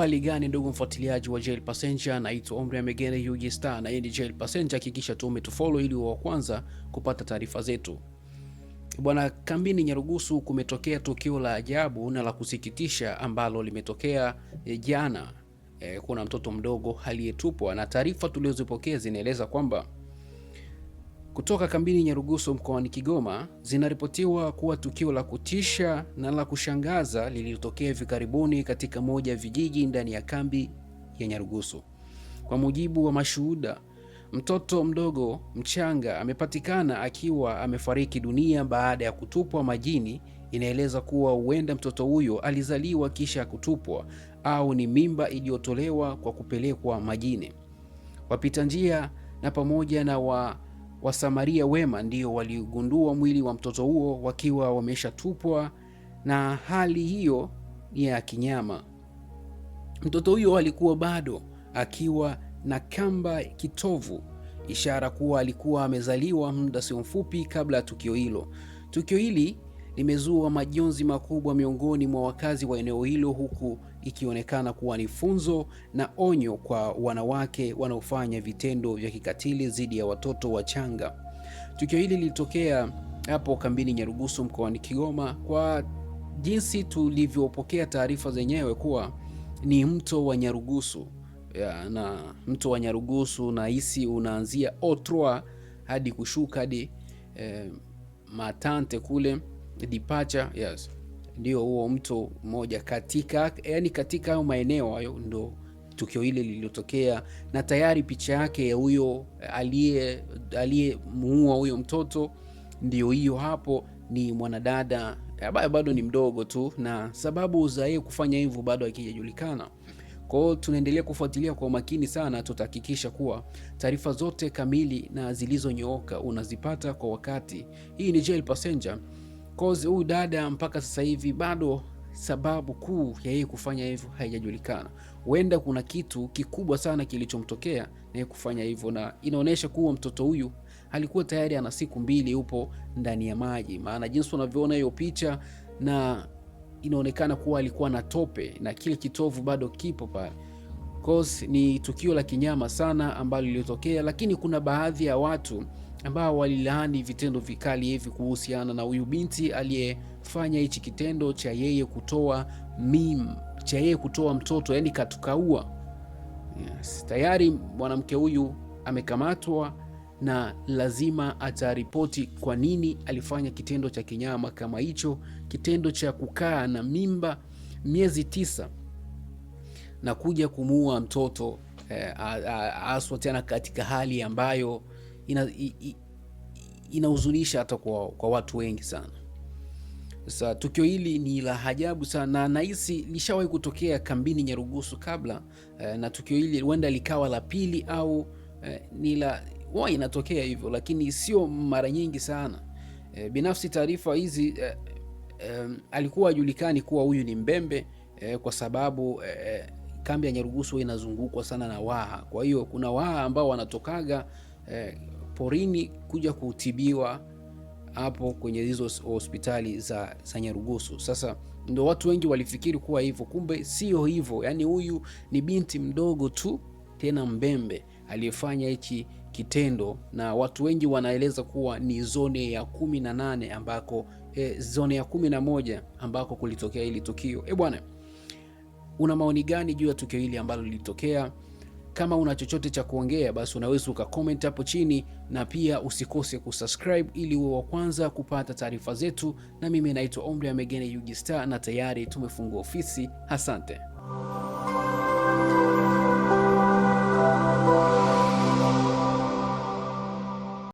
hali gani ndugu mfuatiliaji wa Jail Passenger? Naitwa Omri Amegere UG Star na hii ni Jail Passenger. Hakikisha tu umetufollow ili wa kwanza kupata taarifa zetu. Bwana, kambini Nyarugusu kumetokea tukio la ajabu na la kusikitisha ambalo limetokea eh, jana. E, kuna mtoto mdogo aliyetupwa na taarifa tulizopokea zinaeleza kwamba kutoka kambini Nyarugusu mkoani Kigoma zinaripotiwa kuwa tukio la kutisha na la kushangaza lililotokea hivi karibuni katika moja ya vijiji ndani ya kambi ya Nyarugusu. Kwa mujibu wa mashuhuda, mtoto mdogo mchanga amepatikana akiwa amefariki dunia baada ya kutupwa majini. Inaeleza kuwa huenda mtoto huyo alizaliwa kisha kutupwa au ni mimba iliyotolewa kwa kupelekwa majini. Wapita njia na pamoja na wa Wasamaria wema ndio waligundua mwili wa mtoto huo wakiwa wameshatupwa, na hali hiyo ni ya kinyama. Mtoto huyo alikuwa bado akiwa na kamba kitovu, ishara kuwa alikuwa amezaliwa muda sio mfupi kabla ya tukio hilo. Tukio hili limezua majonzi makubwa miongoni mwa wakazi wa eneo hilo, huku ikionekana kuwa ni funzo na onyo kwa wanawake wanaofanya vitendo vya kikatili dhidi ya watoto wachanga. Tukio hili lilitokea hapo kambini Nyarugusu mkoani Kigoma. Kwa jinsi tulivyopokea taarifa zenyewe kuwa ni mto wa Nyarugusu ya, na mto wa Nyarugusu nahisi unaanzia Otroa hadi kushuka hadi eh, Matante kule departure yes, ndio huo mto mmoja katika, yani katika hayo maeneo hayo ndo tukio hili lililotokea, na tayari picha yake ya huyo eh, aliye aliyemuua huyo mtoto ndio hiyo hapo. Ni mwanadada ambaye bado ni mdogo tu, na sababu za yeye kufanya hivyo bado akijajulikana kwao tunaendelea kufuatilia kwa umakini sana, tutahakikisha kuwa taarifa zote kamili na zilizonyooka unazipata kwa wakati. Hii ni Jail Passenger. Kozi huyu dada mpaka sasa hivi bado sababu kuu ya yeye kufanya hivyo haijajulikana. Huenda kuna kitu kikubwa sana kilichomtokea na yeye kufanya hivyo, na inaonyesha kuwa mtoto huyu alikuwa tayari ana siku mbili yupo ndani ya maji, maana jinsi unavyoona hiyo picha, na inaonekana kuwa alikuwa na tope na kile kitovu bado kipo pale. Ni tukio la kinyama sana ambalo lilitokea, lakini kuna baadhi ya watu ambao walilaani vitendo vikali hivi kuhusiana na huyu binti aliyefanya hichi kitendo cha yeye kutoa mim, cha yeye kutoa mtoto, yani katukaua. Yes, tayari mwanamke huyu amekamatwa na lazima ataripoti kwa nini alifanya kitendo cha kinyama kama hicho, kitendo cha kukaa na mimba miezi tisa na kuja kumuua mtoto eh, aswa tena katika hali ambayo inahuzunisha ina hata kwa, kwa watu wengi sana. Sasa tukio hili ni la ajabu sana na nahisi lishawahi kutokea kambini Nyarugusu kabla eh, na tukio hili huenda likawa la pili au eh, ni la wa inatokea hivyo, lakini sio mara nyingi sana eh, binafsi taarifa hizi eh, eh, alikuwa ajulikani kuwa huyu ni Mbembe eh, kwa sababu eh, eh kambi ya Nyarugusu inazungukwa sana na Waha. Kwa hiyo kuna Waha ambao wanatokaga eh, porini kuja kutibiwa hapo kwenye hizo hospitali za, za Nyarugusu. Sasa ndo watu wengi walifikiri kuwa hivyo, kumbe sio hivyo. Yaani huyu ni binti mdogo tu tena mbembe aliyefanya hichi kitendo, na watu wengi wanaeleza kuwa ni zone ya kumi na nane ambako e, zone ya kumi na moja ambako kulitokea hili tukio. Eh bwana, una maoni gani juu ya tukio hili ambalo lilitokea? Kama una chochote cha kuongea, basi unaweza ukacomment hapo chini, na pia usikose kusubscribe ili uwe wa kwanza kupata taarifa zetu. Na mimi naitwa Omri Amegene Yugi Star, na tayari tumefungua ofisi. Asante.